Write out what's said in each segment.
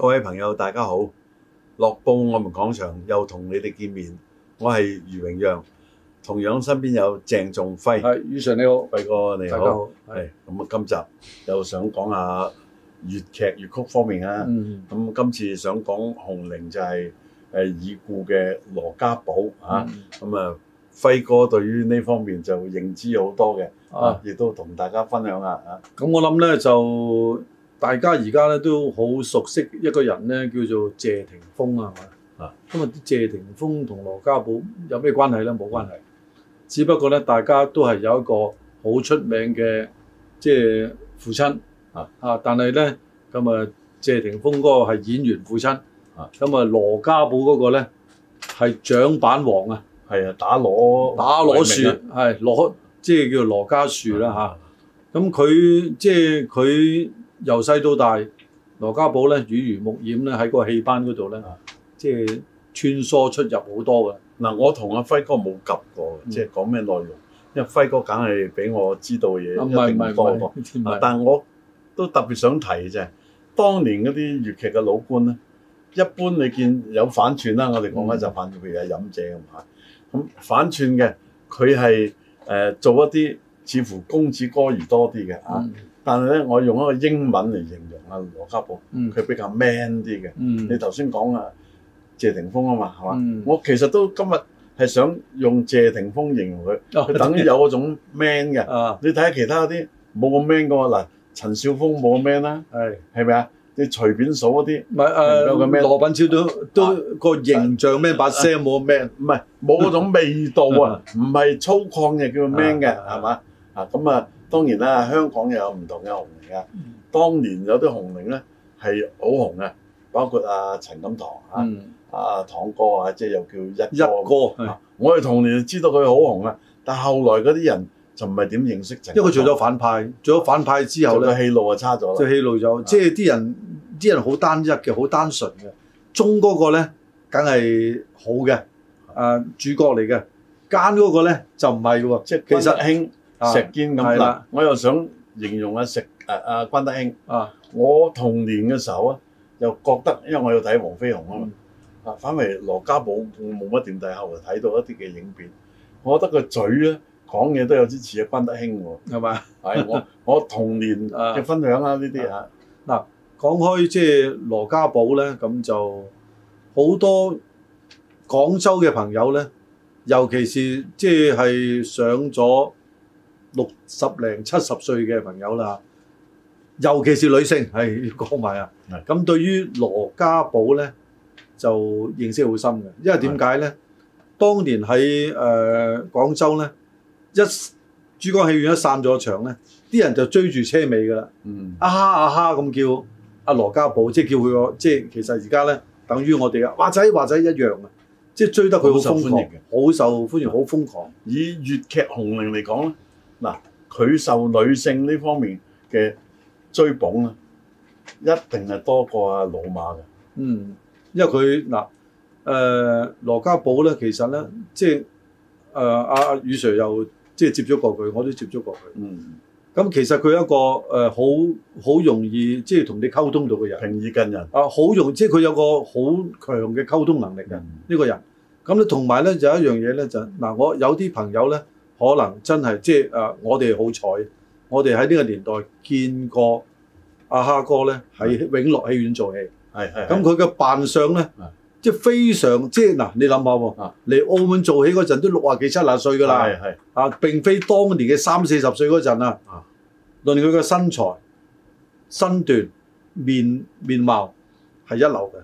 各位朋友，大家好！樂報我們講場又同你哋見面，我係余榮陽，同樣身邊有鄭仲輝。余 Sir 你好，輝哥你好，大家好。係咁啊，今集又想講下粵劇粵曲方面啊。咁、嗯、今次想講紅伶就係誒已故嘅羅家寶啊。咁、嗯、啊，輝哥對於呢方面就認知好多嘅啊，亦都同大家分享下啊。咁我諗咧就。大家而家咧都好熟悉一個人咧，叫做謝霆鋒啊係嘛？啊，咁啊，謝霆鋒同羅家寶有咩關係咧？冇關係、嗯、只不過咧，大家都係有一個好出名嘅，即係父親啊啊。但係咧，咁啊，謝霆鋒嗰個係演員父親啊，咁啊，羅家寶嗰個咧係掌板王啊，係啊，打鑼、打鑼樹係羅，即係叫羅家樹啦嚇。咁佢即係佢。由細到大，羅家寶咧，耳濡目染咧，喺個戲班嗰度咧，即、就、係、是、穿梭出入好多嘅。嗱、啊，我同阿輝哥冇及過，即係講咩內容，因為輝哥梗係俾我知道嘢、嗯、一定放過。啊唔係唔係唔係啊、但係我都特別想提嘅啫，當年嗰啲粵劇嘅老倌咧，一般你見有反串啦，我哋講緊就反譬、嗯、如係任姐嚇咁反串嘅，佢係誒做一啲似乎公子哥兒多啲嘅嚇。嗯但係咧，我用一個英文嚟形容啊，羅家寶，佢、嗯、比較 man 啲嘅、嗯。你頭先講啊，謝霆鋒啊嘛，係、嗯、嘛？我其實都今日係想用謝霆鋒形容佢，佢等於有嗰種 man 嘅、啊。你睇下其他啲冇咁 man 噶嘛？嗱、啊，陳笑風冇 man 啦，係係咪啊？你隨便數一啲，唔係誒，羅品超都都嗰個形象咩、啊、把聲冇 man，唔係冇嗰種味道 不是的的是是是啊，唔係粗獷就叫 man 嘅係嘛？啊咁啊！當然啦，香港又有唔同嘅紅伶嘅、嗯。當年有啲紅伶咧係好紅嘅，包括阿、啊、陳錦棠嚇，啊棠哥啊，即係又叫一哥一哥。我哋童年就知道佢好紅啊，但後後來嗰啲人就唔係點認識。因為佢做咗反派，做咗反派之後咧，就是、戲路就差咗。即係戲路就，即係啲人啲人好單一嘅，好單純嘅。忠嗰個咧梗係好嘅、啊，主角嚟嘅。奸嗰個咧就唔係嘅喎，即係其實啊、石堅咁啦，我又想形容下、啊、石誒阿、啊啊、關德興。啊、我童年嘅時候啊，又覺得因為我要睇黃飛鴻啊嘛、嗯，啊反為羅家寶冇乜點睇，後嚟睇到一啲嘅影片，我覺得個嘴咧講嘢都有啲似阿關德興喎。係嘛？係 我我童年嘅分享啦呢啲啊。嗱、啊啊、講開即係羅家寶咧，咁就好多廣州嘅朋友咧，尤其是即係上咗。六十零七十歲嘅朋友啦，尤其是女性，係講埋啊。咁對於羅家寶咧，就認識好深嘅，因為點解咧？當年喺誒、呃、廣州咧，一珠江戲院一散咗場咧，啲人就追住車尾㗎啦。嗯，阿、啊、哈啊哈咁叫阿羅家寶，即係叫佢個，即係其實而家咧，等於我哋華仔華仔一樣嘅，即係追得佢好受歡迎嘅，好受歡迎，好瘋狂。以粵劇紅伶嚟講咧。嗱，佢受女性呢方面嘅追捧啊，一定係多過阿老馬嘅。嗯，因為佢嗱，誒、呃、羅家寶咧，其實咧，即係誒阿阿雨 Sir 又即係接觸過佢，我都接觸過佢。嗯，咁、呃啊嗯、其實佢一個誒好好容易即係同你溝通到嘅人，平易近人。啊，好容即係佢有一個好強嘅溝通能力嘅呢、嗯這個人。咁咧，同埋咧有一樣嘢咧就嗱，我有啲朋友咧。可能真係即係誒、啊，我哋好彩，我哋喺呢個年代見過阿哈哥咧，喺永樂戲院做戲，係係，咁佢嘅扮相咧，即係非常即係嗱、啊，你諗下喎，嚟澳門做戲嗰陣都六啊幾七啊歲㗎啦，係係，啊並非當年嘅三四十歲嗰陣啊，論佢嘅身材、身段、面面貌係一流嘅。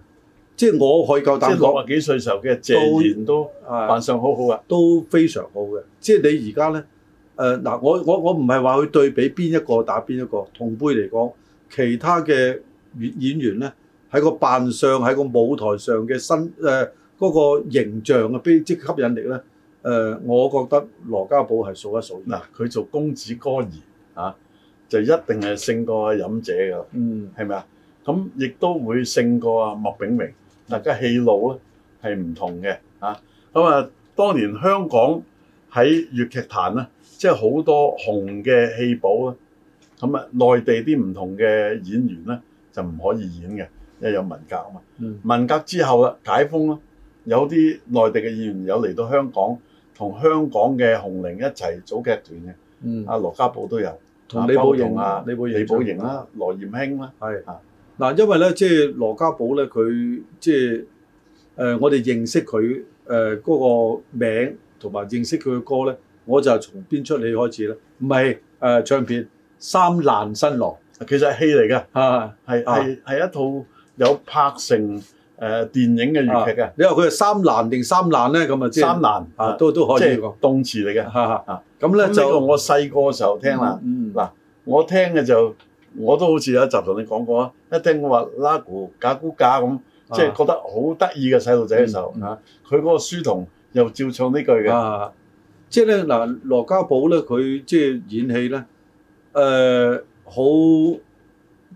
即係我可以夠膽講，即六十幾歲時候嘅謝賢都扮相好好啊，都非常好嘅、啊。即係你而家呢，誒、呃、嗱，我我我唔係話去對比邊一個打邊一個，同輩嚟講，其他嘅演演員咧，喺個扮相，喺個舞台上嘅身誒嗰、呃那個形象嘅即吸引力呢，誒、呃、我覺得羅家寶係數一數嗱，佢、啊、做公子哥兒嚇、啊，就一定係勝過阿任姐噶，嗯，係咪啊？咁亦都會勝過阿莫炳明。大家戲路咧係唔同嘅嚇，咁啊，當年香港喺粵劇壇咧，即係好多紅嘅戲寶啦，咁啊，內地啲唔同嘅演員咧就唔可以演嘅，因為有文革啊嘛、嗯。文革之後啦，解封啦，有啲內地嘅演員有嚟到香港同香港嘅紅伶一齊組劇團嘅，嗯，阿羅家寶都有，同李寶瑩啊，李寶瑩啦，羅艷卿啦，係啊。嗱、啊，因為咧，即係羅家寶咧，佢即係誒、呃，我哋認識佢誒嗰個名，同埋認識佢嘅歌咧，我就係從邊出戲開始咧？唔係誒唱片《三難新郎》，其實係戲嚟嘅嚇，係係係一套有拍成誒、呃、電影嘅粵劇嘅、啊。你話佢係三難定三難咧？咁啊、即係，三難啊，都都可以、啊、係動詞嚟嘅。咁、啊、咧、啊、就，就我細個嘅時候聽啦。嗱、嗯嗯，我聽嘅就。我都好似有一集同你講過啊！一聽我話拉姑假古假咁，即係覺得好得意嘅細路仔嘅時候啊，佢、嗯、嗰、嗯、個書童又照唱呢句嘅、啊。即係咧嗱，羅家寶咧佢即係演戲咧，誒、呃、好，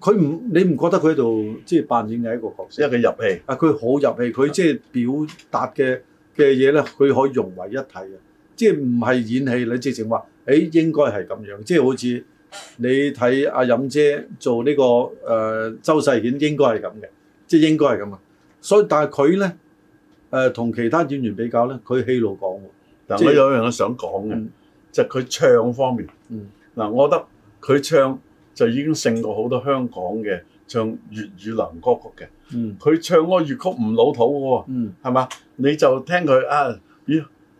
佢唔你唔覺得佢喺度即係扮演嘅一個角色？因為佢入戲啊！佢好入戲，佢即係表達嘅嘅嘢咧，佢可以融為一體嘅，即係唔係演戲你直情話誒，應該係咁樣，即係好似。你睇阿任姐做呢、這個誒、呃、周世顯應該係咁嘅，即係應該係咁啊！所以但係佢咧誒同其他演員比較咧，佢戲路廣喎。嗱，我有樣嘢想講嘅就係、是、佢唱方面。嗱、嗯啊，我覺得佢唱就已經勝過好多香港嘅唱粵語流行歌曲嘅。佢、嗯、唱嗰粵曲唔老土嘅、哦、喎，係、嗯、嘛？你就聽佢啊、呃，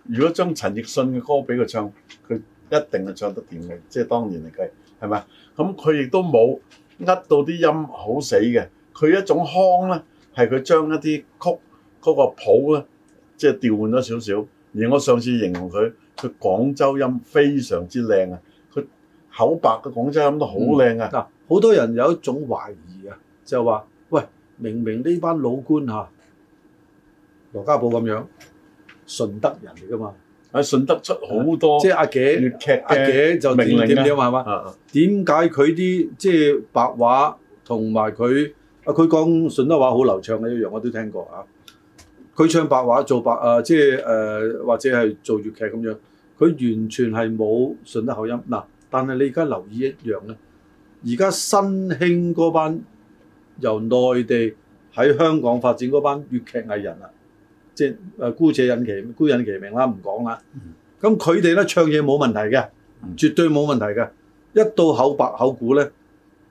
如果將陳奕迅嘅歌俾佢唱，佢。一定係唱得掂嘅，即係當年嚟計，係咪？咁佢亦都冇呃到啲音好死嘅，佢一種腔咧係佢將一啲曲嗰、那個譜咧即係調換咗少少。而我上次形容佢，佢廣州音非常之靚啊！佢口白嘅廣州音都好靚啊！嗱、嗯，好多人有一種懷疑啊，就話、是：喂，明明呢班老官嚇，羅家寶咁樣順德人嚟噶嘛？順德啊！順德出好多，即係阿嘅，粵劇阿嘅就點點樣啊？係、啊、嘛？點解佢啲即係白話同埋佢啊？佢講順德話好流暢嘅一樣，我都聽過啊！佢唱白話做白啊，即係誒或者係做粵劇咁樣，佢完全係冇順德口音嗱、啊。但係你而家留意一樣咧，而家新興嗰班由內地喺香港發展嗰班粵劇藝人啊！即係姑且引其，姑引其名啦，唔講啦。咁佢哋咧唱嘢冇問題嘅，絕對冇問題嘅。一到口白口古咧，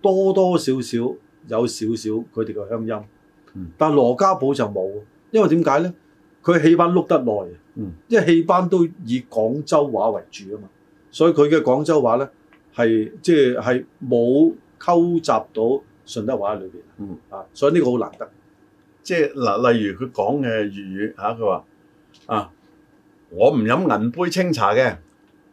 多多少少有少少佢哋嘅鄉音、嗯。但羅家寶就冇，因為點解咧？佢戲班碌得耐、嗯，因為戲班都以廣州話為主啊嘛，所以佢嘅廣州話咧係即係係冇溝雜到順德話裏邊啊，所以呢個好難得。即係嗱，例如佢講嘅粵語嚇，佢話啊，我唔飲銀杯清茶嘅，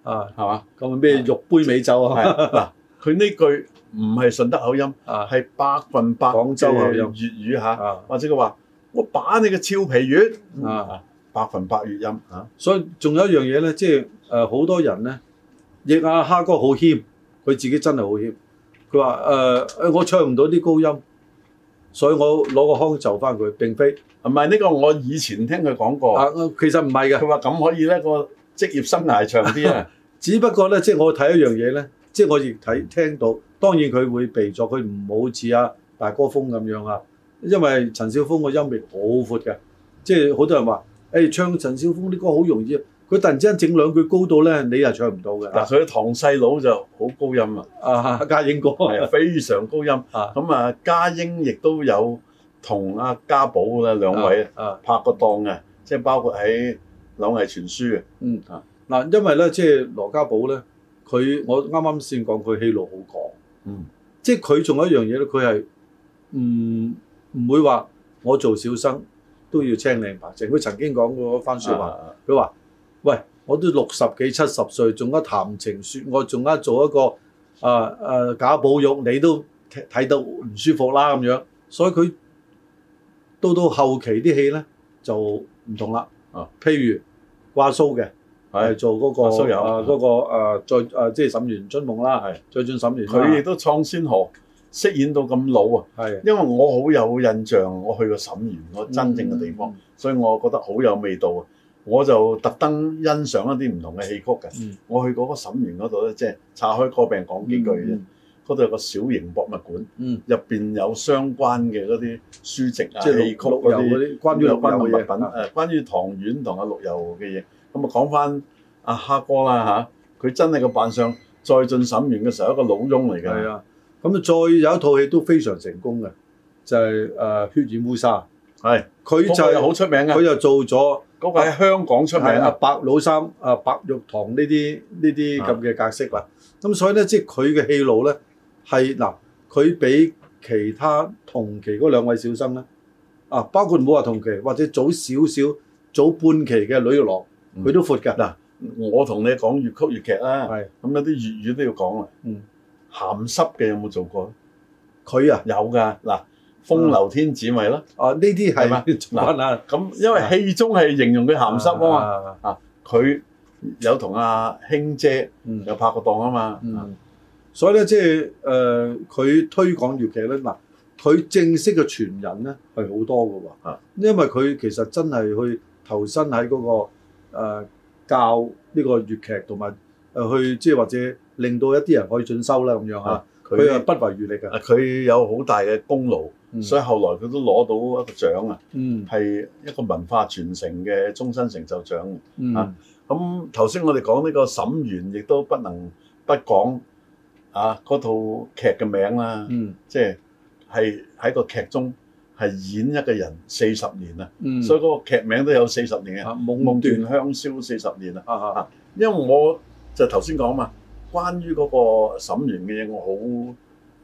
啊係嘛？咁啊咩玉杯美酒啊？嗱，佢 呢句唔係順德口音，係、啊、百分百廣州口音。粵語嚇、啊啊，或者佢話我把你嘅俏皮語啊，百分百粵音嚇、啊。所以仲有一樣嘢咧，即係誒好多人咧，亦阿蝦哥好謙，佢自己真係好謙，佢話誒誒，我唱唔到啲高音。所以我攞個腔就翻佢，並非唔係呢個。我以前聽佢講過，啊、其實唔係嘅。佢話咁可以呢、個職業生涯長啲啊。只不過呢，即係我睇一樣嘢呢，即係我亦睇聽到。當然佢會被作，佢唔好似阿大哥風咁樣啊。因為陳笑風個音域好闊嘅，即係好多人話，誒、欸、唱陳笑風啲歌好容易。佢突然之間整兩句高到咧，你又唱唔到嘅。嗱，佢個堂細佬就好高音啊！啊，家英哥係非常高音。咁啊，家、啊、英亦都有同阿家寶啦兩位拍過檔嘅，即、啊、係、啊、包括喺《柳毅傳書》嗯。嗯啊，嗱，因為咧，即、就、係、是、羅家寶咧，佢我啱啱先講佢戲路好廣。嗯，即係佢仲有一樣嘢咧，佢係唔唔會話我做小生都要青靚白淨。佢、就是、曾經講過一番説話，佢、啊、話。啊喂，我都六十幾七十歲，仲得談情說愛，仲得做一個啊，啊賈寶玉，你都睇睇到唔舒服啦咁樣。所以佢到到後期啲戲咧就唔同啦，那個那個。啊，譬如掛鬚嘅，係做嗰個陸游啊嗰個再即係沈園春夢啦，係再進沈園。佢亦都創先河，飾演到咁老啊。係，因為我好有印象，我去過沈園我真正嘅地方，嗯，所以我覺得好有味道啊。我就特登欣賞一啲唔同嘅戲曲㗎、嗯。我去嗰個沈園嗰度咧，即、就、係、是、拆開個病講幾句嗰度、嗯嗯、有個小型博物館，入、嗯、面有相關嘅嗰啲書籍啊、即戲曲嗰啲關於陸游嘅物品，誒、啊啊，關於唐婉同阿陸游嘅嘢。咁啊，啊，講翻阿黑哥啦嚇，佢、啊、真係個扮相，再進沈園嘅時候一個老翁嚟㗎。啊，咁啊，再有一套戲都非常成功嘅，就係、是呃、血染烏沙。係，佢就係好出名嘅，佢就做咗。嗰、那個喺香港出名啊，啊，白老三、啊白玉堂呢啲呢啲咁嘅格式啦。咁、啊啊、所以咧，即係佢嘅戲路咧，係嗱，佢俾其他同期嗰兩位小生咧，啊，包括唔好話同期或者早少少、早半期嘅呂玉郎，佢、嗯、都闊㗎嗱、嗯。我同你講粵曲粵劇啦，咁有啲粵語都要講啊。鹹濕嘅有冇做過？佢啊有㗎嗱。風流天子咪咯？哦，呢啲係嘛嗱，咁，因為戲中係形容佢鹹濕啊嘛。啊，佢、 啊啊啊啊啊、有同阿兄姐有拍過檔、嗯嗯、啊嘛。所以咧，即係誒，佢、呃、推廣粵劇咧，嗱，佢正式嘅傳人咧係好多噶喎、啊。因為佢其實真係去投身喺嗰個誒、呃、教呢個粵劇，同埋誒去即係或者令到一啲人可以進修啦咁樣啊。佢係不遺餘力啊！佢有好大嘅功勞。嗯、所以後來佢都攞到一個獎啊，係、嗯、一個文化傳承嘅終身成就獎、嗯、啊。咁頭先我哋講呢個沈園，亦都不能不講啊。嗰套劇嘅名啦，即係係喺個劇中係演一個人四十年啊、嗯，所以嗰個劇名都有四十年啊，《夢斷香消四十年》啊啊啊。因為我就頭先講啊嘛，關於嗰個沈園嘅嘢，我好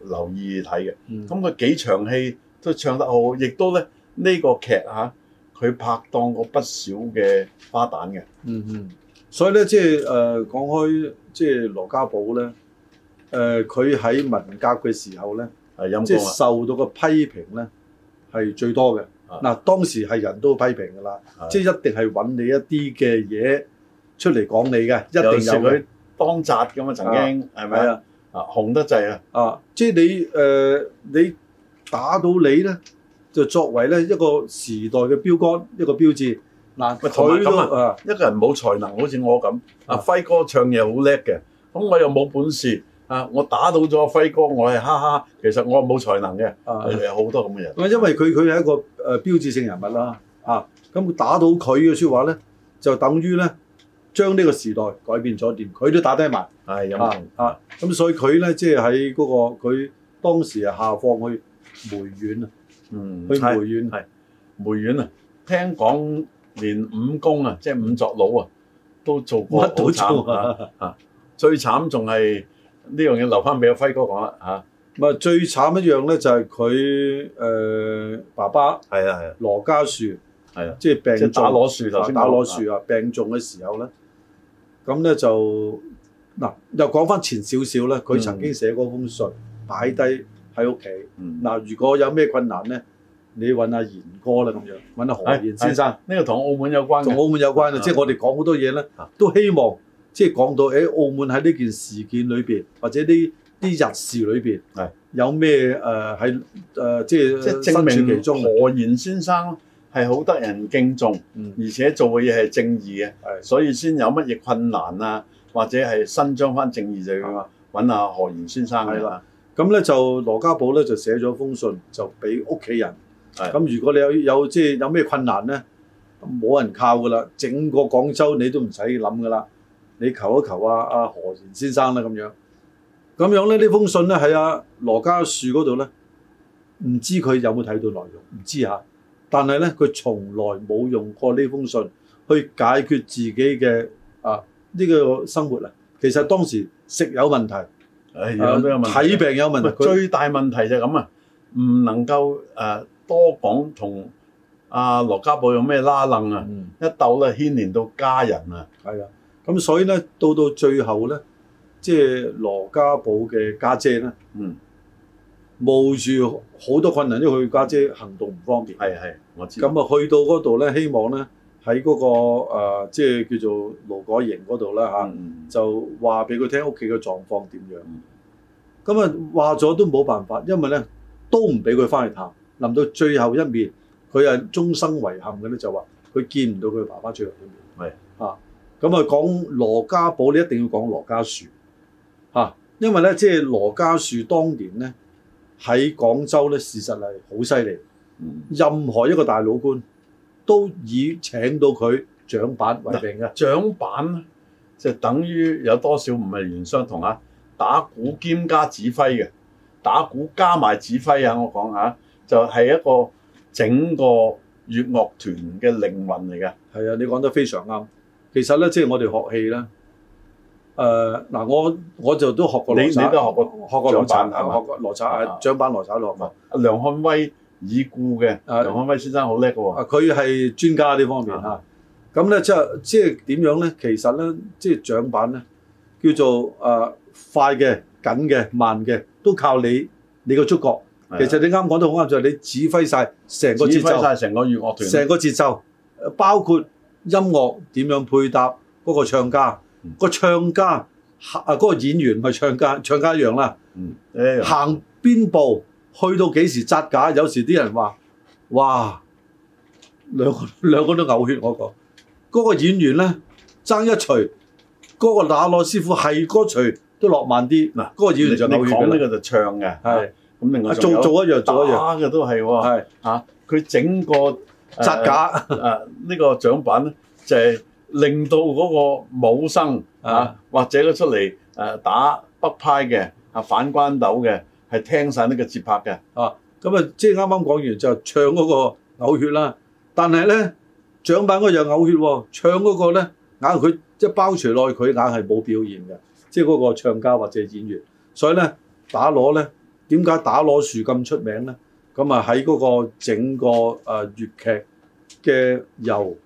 留意睇嘅，咁佢幾場戲都唱得好，亦都咧呢、呢個劇嚇佢、啊、拍檔過不少嘅花旦嘅。嗯嗯，所以咧即係誒講開即係、就是、羅家寶咧，佢、呃、喺文革嘅時候咧即係受到嘅批評咧係最多嘅。嗱當時係人都批評㗎啦，即係一定係揾你一啲嘅嘢出嚟講你嘅，一定有佢當擲咁啊，曾經係咪啊？啊，紅得滯啊！啊，即係你誒、呃，你打到你咧，就作為咧一個時代嘅標杆，一個標誌。嗱、啊，佢都、啊、一個人冇才能，好似我咁、啊。啊，輝哥唱嘢好叻嘅，咁我又冇本事。啊，我打到咗輝哥，我係哈哈。其實我冇才能嘅。啊，有好多咁嘅人、啊。因為佢佢係一個誒、呃、標誌性人物啦。啊，咁、啊、打到佢嘅説話咧，就等於咧將呢個時代改變咗點。佢都打低埋。.係啊啊！咁、啊嗯嗯、所以佢咧，即係喺嗰個佢當時啊，下放去梅縣啊，嗯，去梅縣係梅縣啊。聽講連仵工啊，即係仵作佬啊，都做過乜都做了啊，啊！最慘仲係呢樣嘢，留翻俾阿輝哥講啦嚇。咁啊，啊，最慘一樣咧，就係佢誒爸爸係啊係啊，羅家樹係啊，即係、即係、病重，打攞樹頭先、啊、打攞樹啊，病重嘅時候咧，咁咧就。嗱，又講翻前少少咧，佢曾經寫過封信擺低喺屋企。嗱、嗯嗯，如果有咩困難咧，你揾阿賢哥啦咁樣，揾、嗯、阿、啊、何賢先生。呢、哎呢個同澳，澳門有關，同澳門有關啊！即、就、係、是、我哋講好多嘢咧、啊，都希望即係、就是、講到喺澳門喺呢件事件裏邊，或者啲啲日事裏邊，係、啊、有咩誒喺誒即係。即係證明其中何賢先生係好得人敬重，嗯、而且做嘅嘢係正義嘅、啊，所以先有乜嘢困難啊！或者係伸張翻正義就咁啊！揾阿何賢先生啦，咁咧就羅家寶咧就寫咗封信就俾屋企人，咁如果你有有即係、就是、有咩困難咧，冇人靠噶啦，整個廣州你都唔使諗噶啦，你求一求阿、啊、阿、啊、何賢先生啦咁樣，咁樣咧呢封信咧喺阿羅家樹嗰度咧，唔知佢有冇睇到內容，唔知嚇，但係咧佢從來冇用過呢封信去解決自己嘅啊。呢、這個生活啊，其實當時食有問題，睇、哎，有咩問題啊、病有問題，最大問題就係咁、呃、啊，唔能夠誒多講同阿羅家寶有咩拉楞啊，嗯、一鬥咧牽連到家人啊。係、嗯、啊，咁所以咧到到最後咧，即係羅家寶嘅家姐咧、嗯，冒住好多困難，因為佢家姐行動唔方便。係係，我知。咁啊去到嗰度咧，希望咧。喺嗰、嗰個即係、呃、叫做羅改榮嗰度呢，就話俾佢聽屋企嘅狀況點樣。咁啊話咗都冇辦法，因為咧都唔俾佢翻去探，臨到最後一面，佢係終生遺憾嘅咧就話佢見唔到佢爸爸最後一面。咁啊講羅家寶，你一定要講羅家樹、啊、因為咧即係羅家樹當年咧喺廣州咧事實係好犀利，任何一個大老官。都已請到佢掌板為名嘅，掌板就等於有多少唔位樂相同啊打鼓兼加指揮嘅，打鼓加埋指揮啊！我講下就係、是、一個整個粵樂團嘅靈魂嚟嘅。係啊，你講得非常啱。其實咧，即係我哋學戲啦。嗱、呃，我我就都學過。你你都學過學過羅剎啊？學過羅剎啊？掌板羅剎你梁漢威。已故嘅梁安威先生好叻喎，佢係專家呢方面嚇。咁咧即係即係點樣咧？其實咧即係掌板咧叫做誒、呃、快嘅緊嘅慢嘅都靠你你個觸覺，啊。其實你啱講得好啱，就係、是、你指揮晒成個節奏，曬成個樂團，成個節奏，包括音樂點樣配搭嗰個唱家，嗯，那個唱家啊嗰，那個演員咪唱家，唱家一樣啦。嗯，哎、行邊步？去到幾時紮架，有時啲人話：哇，兩個，兩個都嘔血！我講嗰、那個演員咧，爭一錘，嗰、那個打鑼師傅係嗰錘都落慢啲。嗱、啊，嗰、那個演員就血你血呢個就唱嘅。係，咁另外、啊、做做一樣做一樣嘅都係係啊，佢整個、呃、扎架，啊、這個、板呢個掌板就係、是、令到嗰個武生啊，啊或者佢出嚟打北派嘅啊反關鬥嘅。係聽晒呢個節拍嘅，啊咁啊，即係啱啱講完就唱嗰個嘔血啦。但係咧，獎品嗰個又嘔血喎。唱嗰個咧，硬係佢即係包除內佢硬係冇表現嘅，即係嗰個唱家或者演員。所以咧，打攞咧，點解打攞樹咁出名咧？咁啊，喺嗰個整個誒粵劇嘅由誒、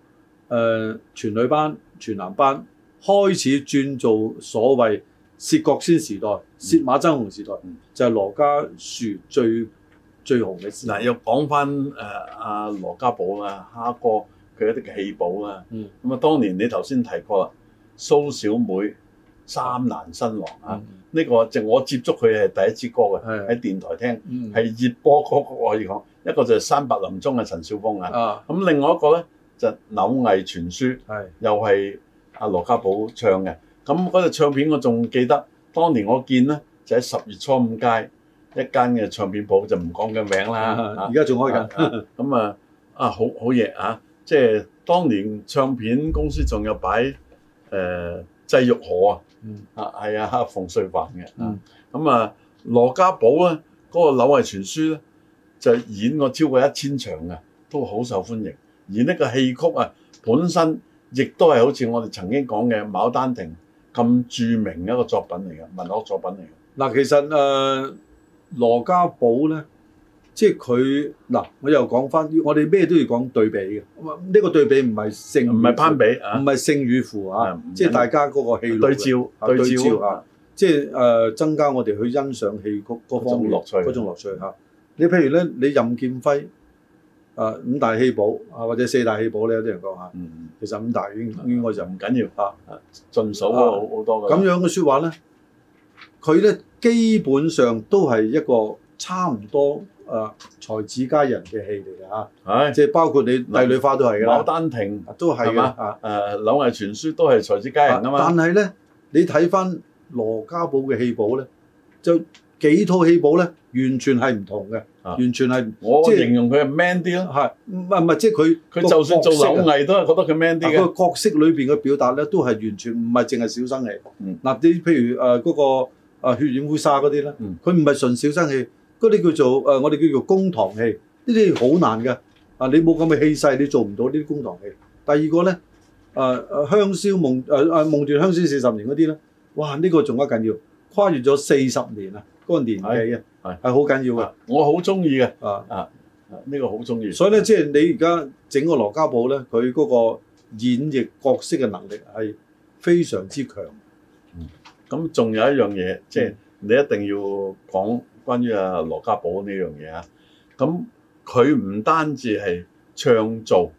呃、全女班、全男班開始轉做所謂薛覺先時代。薛馬爭雄時代、嗯、就係、是、羅家樹最、嗯、最紅嘅。嗱，又講翻誒阿羅家寶啦，蝦哥佢一啲嘅戲寶啦。咁、嗯、啊，當年你頭先提過蘇小妹三難新郎、嗯、啊，呢、這個就我接觸佢係第一支歌嘅，喺電台聽係、嗯、熱播歌曲可以講。一個就係《山伯臨終》嘅陳笑風啊，咁另外一個咧就係《柳毅傳書》是的，又係阿羅家寶唱嘅。咁嗰隻唱片我仲記得。當年我見咧，就喺十月初五街一間嘅唱片鋪，就唔講佢名啦。而家仲開緊。咁啊啊，好好嘢啊！即、就、係、是、當年唱片公司仲有擺誒濟玉河、嗯、啊，啊係啊，馮瑞雲嘅。咁、嗯、啊，啊，羅家寶咧嗰個柳毅傳書咧，就演過超過一千場啊，都好受歡迎。而呢個戲曲啊，本身亦都係好似我哋曾經講嘅《牡丹亭》。咁著名嘅一個作品嚟嘅，文學作品嚟嘅。嗱，其實誒、呃、羅家寶咧，即係佢嗱，我又講翻，我哋咩都要講對比嘅。呢、這個對比唔係性唔係攀比，唔係勝與負啊！啊是即係大家嗰個戲對照對照，對照，對照啊，即係誒增加我哋去欣賞戲嗰方面嗰種樂趣。嗰種樂趣嚇、啊。你譬如咧，你任劍輝啊，五大戲寶啊，或者四大戲寶咧，有啲人講嚇。嗯其實咁大應，應該就唔緊要。啊，盡數好好多嘅。咁、啊、樣嘅説話咧，佢咧基本上都係一個差唔多、啊、才子佳人嘅戲嚟嘅，即係包括你帝女花都係嘅、啊啊，牡丹亭都係啊。誒，柳毅傳書都係才子佳人啊嘛。但係咧，你睇翻羅家寶嘅戲寶咧，就。幾套戲寶咧，完全係唔同嘅，完全係我形容佢係 man 啲咯，係唔係，唔係，即係佢佢就算做柳毅都係覺得佢 man 啲嘅。個角色裏邊嘅表達咧，都係完全唔係淨係小生戲。嗱啲譬如誒嗰個誒血染灰沙嗰啲咧，佢唔係純小生戲，嗰啲叫做誒我哋叫做公堂戲，呢啲好難嘅。啊，你冇咁嘅氣勢，你做唔到呢啲公堂戲。第二個咧，誒誒香消夢誒誒夢斷香消四十年嗰啲咧，哇！呢個仲加緊要跨越咗四十年啊！嗰、那個年紀啊，係好緊要嘅。我好中意嘅，啊啊，呢、這個好中意。所以咧，即係你而家整個羅家寶咧，佢嗰個演繹角色嘅能力係非常之強。咁、嗯、仲有一樣嘢，即、就、係、是、你一定要講關於阿、啊、羅家寶呢樣嘢啊。咁佢唔單止係唱做，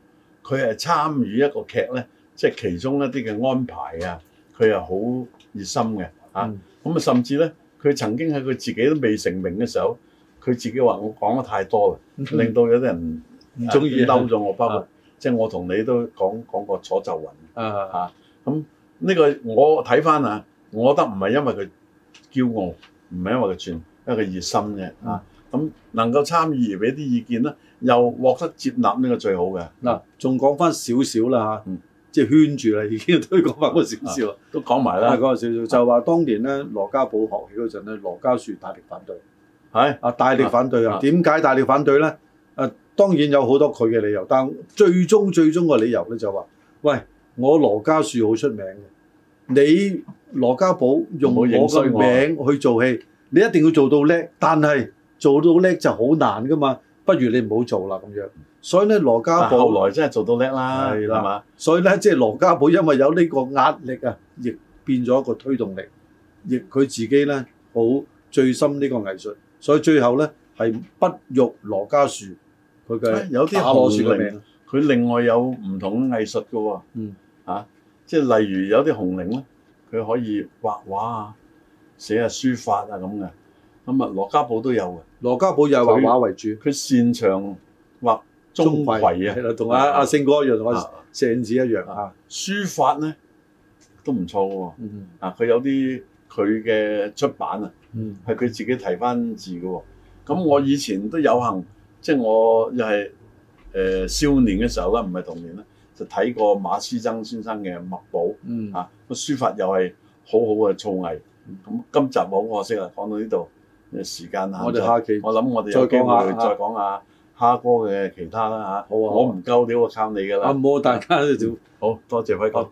佢係參與一個劇咧，即、就、係、是、其中一啲嘅安排啊，佢係好熱心嘅、嗯。啊，咁啊，甚至咧～佢曾經喺佢自己都未成名嘅時候，佢自己話：我講得太多啦、嗯，令到有啲人唔中意嬲咗我。包括、啊、即係我同你都講講過坐就雲啊嚇。咁、啊、呢個我睇翻啊，我覺得唔係因為佢驕傲，唔係因為佢串，因為佢熱心嘅。嚇、啊。咁、啊、能夠參與俾啲意見啦，又獲得接納呢個最好嘅嗱。仲講翻少少啦嚇。即係圈住啦，已經都講返個少少，都講埋啦嗰少少就話、是、當年咧，羅家寶學起嗰陣咧，羅家樹大力反對，係啊，大力反對啊，點解大力反對咧？誒、啊啊，當然有好多佢嘅理由，但最終最終個理由咧就話、是：喂，我羅家樹好出名嘅，你羅家寶用我個名去做戲、啊，你一定要做到叻，但係做到叻就好難㗎嘛，不如你唔好做啦咁樣。所以咧，羅家寶、啊、後來真係做到叻啦，係嘛？所以咧，即、就、係、是、羅家寶因為有呢個壓力啊，亦變咗一個推動力，亦佢自己咧好醉心呢這個藝術。所以最後咧係不辱羅家樹，佢嘅夏羅樹嘅名。佢另外有唔同嘅藝術嘅喎、啊，嗯，嚇、啊，即係例如有啲紅伶咧，佢可以畫畫啊，寫下書法啊咁嘅。咁啊，羅家寶都有嘅。羅家寶又畫畫為主，佢擅長畫。鍾馗啊，同阿阿勝哥一樣，我正子一樣啊。書法咧都唔錯喎。啊，佢有啲佢嘅出版啊，係、嗯、佢自己提翻字嘅。咁、嗯、我以前都有幸，即、就、係、是、我又係誒、呃、少年嘅時候啦，唔係童年啦，就睇過馬師曾先生嘅墨寶。嗯。啊，個書法又係好好嘅造詣。咁、嗯、今集好可惜啊，講到呢度，時間限制。我哋下期我諗我哋有機會再講下。再講蝦哥嘅其他啦，我唔夠料就靠你㗎啦。阿、啊、摩大家都好多謝輝哥。